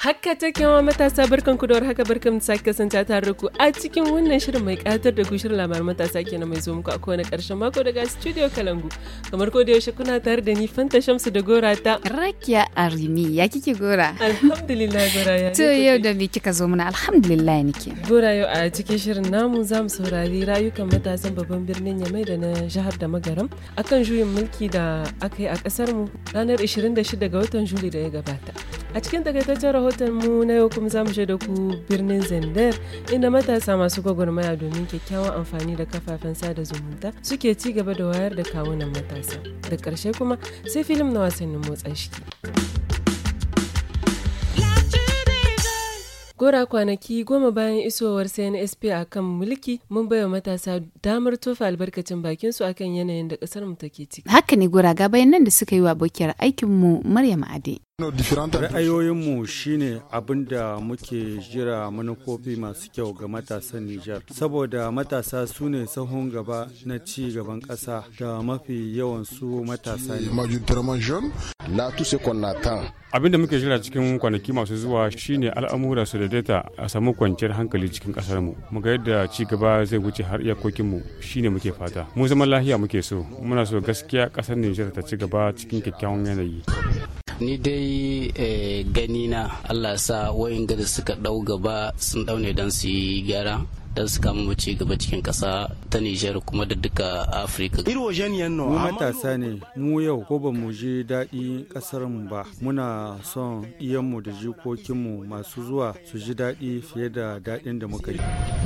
Haka take yawa matasa barkan ku da war haka barkan mu sake kasance tare ku a cikin wannan shirin mai katar da gushin shirin labaran matasa na mai zo muku a kowane karshen mako daga studio Kalangu. Kamar ko da yaushe kuna tare da ni Fanta Shamsu da Gora ta. Rakiya Arimi ya kike Gora? Alhamdulillah Gora ya. To yau da me kika zo mana alhamdulillah nake. Gora yau a cikin shirin namu za mu saurari rayukan matasan babban birnin Yamai da na jihar da Magaram akan juyin mulki da aka yi a kasar mu ranar 26 ga watan Juli da ya gabata. A cikin takaitaccen rahoton mu na yau kuma za mu shaida ku birnin Zandar inda matasa masu gwagwarmaya domin kyakkyawan amfani da kafafen sada zumunta suke ci gaba da wayar da kawunan matasa. Da ƙarshe kuma sai filim na wasannin motsa shiki. gora kwanaki goma bayan isowar cnsp a kan mulki mun baiwa matasa damar tofa albarkacin bakin su akan yanayin da kasar mu take ciki haka ne gora ga bayan nan da suka yi wa abokiyar aikinmu maryam ade Ra'ayoyinmu shine abin da muke jira manufofi masu kyau ga matasan Nijar, saboda matasa su ne sahun gaba na ci gaban ƙasa da mafi yawan su matasa ne. Abin da muke jira cikin kwanaki masu zuwa shine al'amura su daidaita a samu kwanciyar hankali cikin ƙasarmu. Mu ga yadda ci gaba zai wuce har mu shine muke fata. Mu zaman lahiya muke so, muna so gaskiya ƙasar Nijar ta ci gaba cikin kyakkyawan yanayi. ni dai eh, gani na allah sa wayan da suka dau gaba sun daune don su yi gyara don su kama ci gaba cikin kasa ta Nijar kuma da duka Afirka. Mu matasa ne, mu yau ko ba mu je daɗi mu ba, muna son mu da jikokin mu masu zuwa su ji daɗi fiye da daɗin da muka yi.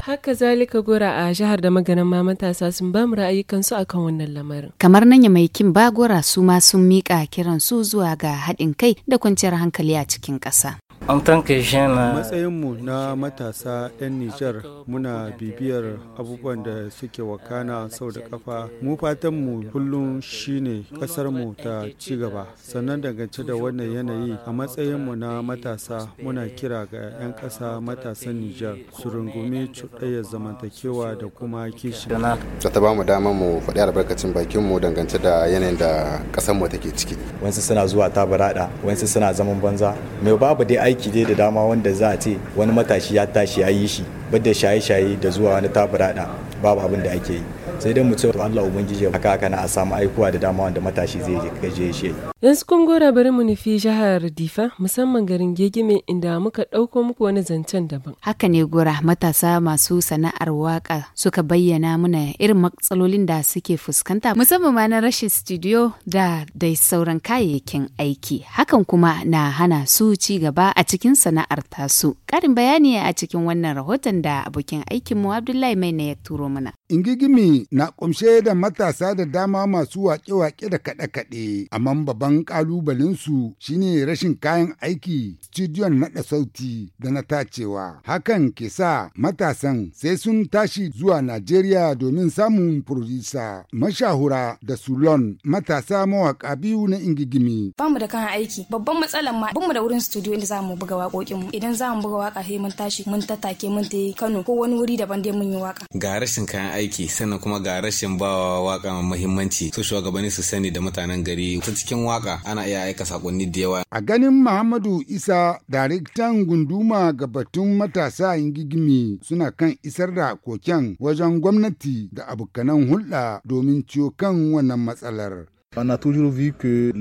Haka zalika gora a jihar da maganin ma matasa sun ba mu su akan wannan lamarin. Kamar nan ya mai kin ba gora su ma sun miƙa kiran su zuwa ga haɗin kai da kwanciyar hankali a cikin ƙasa. matsayinmu na matasa 'yan nijar muna bibiyar abubuwan da suke wakana sau da kafa mu fatanmu kullum shine kasarmu ta ci gaba sannan dangance da wannan yanayi a matsayinmu na matasa muna kira ga 'yan ƙasa matasan nijar su rungumi cuɗayar zamantakewa da kuma kishi da ta bamu dama mu faɗi albarkacin bakin mu dangance da yanayin da ƙasarmu take ciki wasu suna zuwa tabarada wasu suna zaman banza mai babu dai aiki ci dai da dama wanda za a ce wani matashi ya tashi ya yi shi bada shaye-shaye da zuwa wani taburada babu abin da ake yi sai dai mu ce Allah ubangiji haka haka na a samu aikuwa da dama wanda matashi zai je gaje shi yanzu kun gora bari mu nufi jihar Difa musamman garin Gegime inda muka dauko muku wani zancen daban haka ne gora matasa masu sana'ar waka suka bayyana mana irin matsalolin da suke fuskanta musamman ma na rashin studio da dai sauran kayayyakin aiki hakan kuma na hana su ci gaba a cikin sana'ar tasu karin bayani a cikin wannan rahoton da abokin aikinmu Abdullahi Mai ne ya turo romana. in gigimi na kumshe da matasa da dama masu wake-wake da kaɗe-kaɗe amma babban su shine rashin kayan aiki na naɗa sauti da na tacewa hakan ke sa matasan sai sun tashi zuwa najeriya domin samun producer mashahura da sulon matasa mawaka biyu na ingigimi bamu da kan aiki babban matsalar ma bamu da wurin studio inda zamu buga waƙoƙin mu idan zamu buga waka sai mun tashi mun tattake mun ta kano ko wani wuri daban dai mun yi waka ga rashin kayan aiki aiki sannan kuma ga rashin bawa waka muhimmanci su shugabanni su sani da mutanen gari ta cikin waka ana iya aika sakonni da yawa a ganin muhammadu isa daraktan gunduma ga batun matasa ingigimi suna kan isar da koken wajen gwamnati da abokanan hulɗa domin ciwo kan wannan matsalar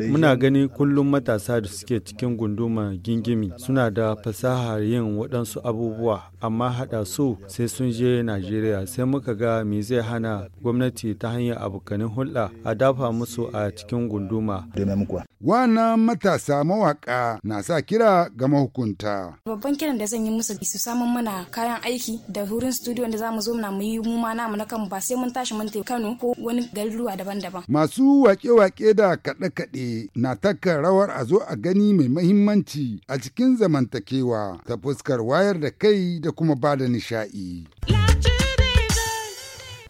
Muna gani kullum matasa da suke cikin gunduma gingimi suna da fasahar yin waɗansu abubuwa amma haɗa su sai sun je Najeriya sai muka ga me zai hana gwamnati ta hanyar abokanin hulɗa a dafa musu a cikin gunduma. wana matasa mawaƙa na sa kira ga mahukunta. Babban kiran da zan yi musu su samun mana kayan aiki da wurin studio da za mu zo mu yi mu ma na kan ba sai mun tashi mun tafi Kano ko wani garuruwa daban-daban. Masu waƙe waƙe da kaɗe-kaɗe na taka rawar a zo a gani mai mahimmanci a cikin zamantakewa ta fuskar wayar da kai da kuma ba da nishaɗi.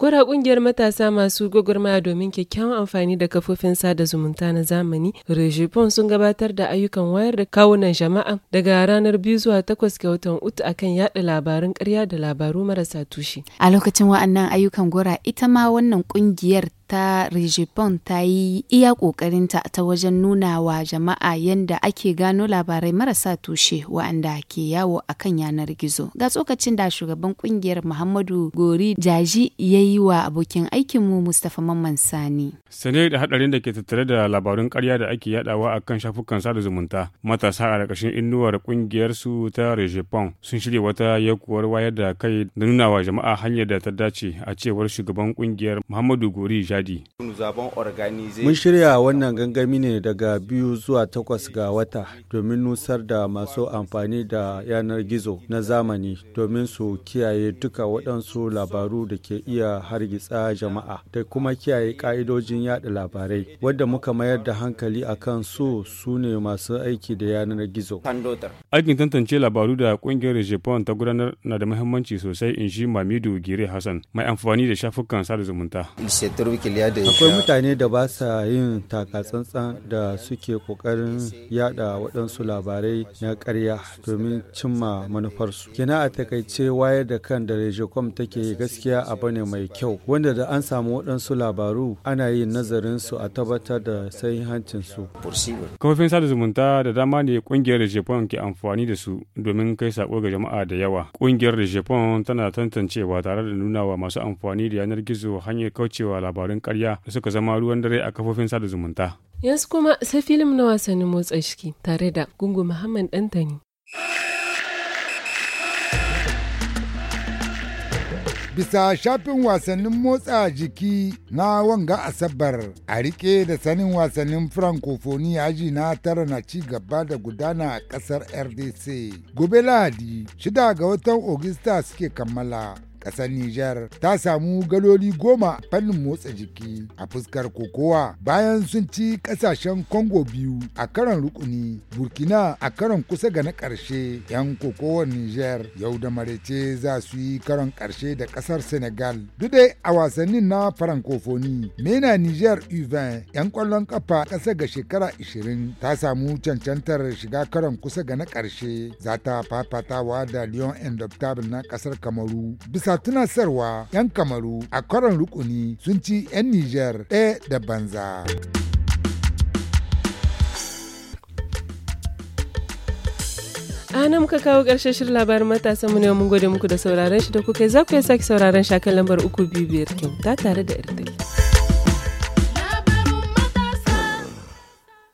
gwara ƙungiyar matasa masu gwagwarmaya domin kyakkyawan amfani da kafofin sada zumunta na zamani, Rejipon sun gabatar da ayyukan wayar da kawunan jama'a daga ranar biyu zuwa takwas ga watan Utu akan yada labarin karya da labaru marasa tushe. A lokacin wa'annan ayyukan gora ita ma wannan kungiyar ta Rijipon ta yi iya ƙoƙarinta ta wajen nuna wa jama'a yadda ake gano labarai marasa tushe wa'anda ke yawo a kan yanar gizo. Ga tsokacin da shugaban ƙungiyar Muhammadu Gori Jaji ya yi wa abokin aikinmu Mustapha Mamman Sani. Sane da haɗarin da ke tattare da labarun karya da ake yaɗawa a kan shafukan sada zumunta, matasa a ƙarƙashin inuwar ƙungiyar su ta Rijipon sun shirya wata yakuwar wayar da kai da nuna wa jama'a hanyar da ta dace a cewar shugaban ƙungiyar Muhammadu Gori Jaji. Chadi. Mun shirya wannan gangami ne daga biyu zuwa takwas ga wata domin nusar da masu amfani da yanar gizo na zamani domin su kiyaye duka waɗansu labaru da ke iya hargitsa jama'a da kuma kiyaye ka'idojin yada labarai wadda muka mayar da hankali a kan su su ne masu aiki da yanar gizo. Aikin tantance labaru da ƙungiyar Japan ta gudanar na da muhimmanci sosai in shi Mamidu Gire Hassan mai amfani da shafukan sada zumunta. akwai mutane da ba sa yin takatsantsan da suke kokarin yada waɗansu labarai na karya domin cimma manufarsu kina a takaice wayar da kan da rejecom take gaskiya abu ne mai kyau wanda da an samu waɗansu labaru ana yin nazarin su a tabbatar da sahihancin su kafofin sada zumunta da dama ne kungiyar rejecom ke amfani da su domin kai sako ga jama'a da yawa kungiyar rejecom tana tantancewa tare da nuna wa masu amfani da yanar gizo hanyar kaucewa labarun karya da suka zama ruwan dare a kafofin sada zumunta. Yanzu kuma sai filim na wasannin motsa shiki tare da Gungu Muhammad Dantani. bisa shafin wasannin motsa jiki na wanga asabar a rike da sanin wasannin francophonie aji na tara na ci gaba da gudana a kasar rdc gobe lahadi shida ga watan ogista suke kammala ƙasar Nijar ta samu galoli goma fannin motsa jiki a fuskar kokowa bayan sun ci ƙasashen Congo biyu a karon rukuni Burkina a karon kusa ga na ƙarshe 'yan kokowar Nijar yau da marece za su yi karon ƙarshe da ƙasar Senegal. Duk dai a wasannin na farankofoni mena Nijar U20 'yan ƙwallon ƙafa ƙasa ga shekara 20 ta samu cancantar shiga karon kusa ga na ƙarshe za ta fafatawa da Lyon Indoptable na ƙasar Kamaru bisa bisa tunasarwa 'yan kamaru a karon rukuni sun ci 'yan Nijar ɗaya da banza. ana muka kawo ƙarshen shirin labarin matasan mu ne mun gode muku da sauraron shi da kuka za ku ya sake sauraron shakan lambar uku biyu biyar kyauta tare da irtel